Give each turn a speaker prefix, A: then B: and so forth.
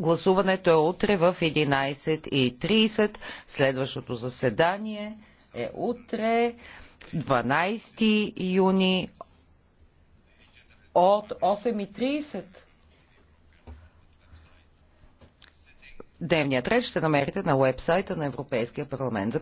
A: Гласуването е утре в 11.30. Следващото заседание е утре, 12 юни от 8.30. Дневният ред ще намерите на уебсайта на Европейския парламент.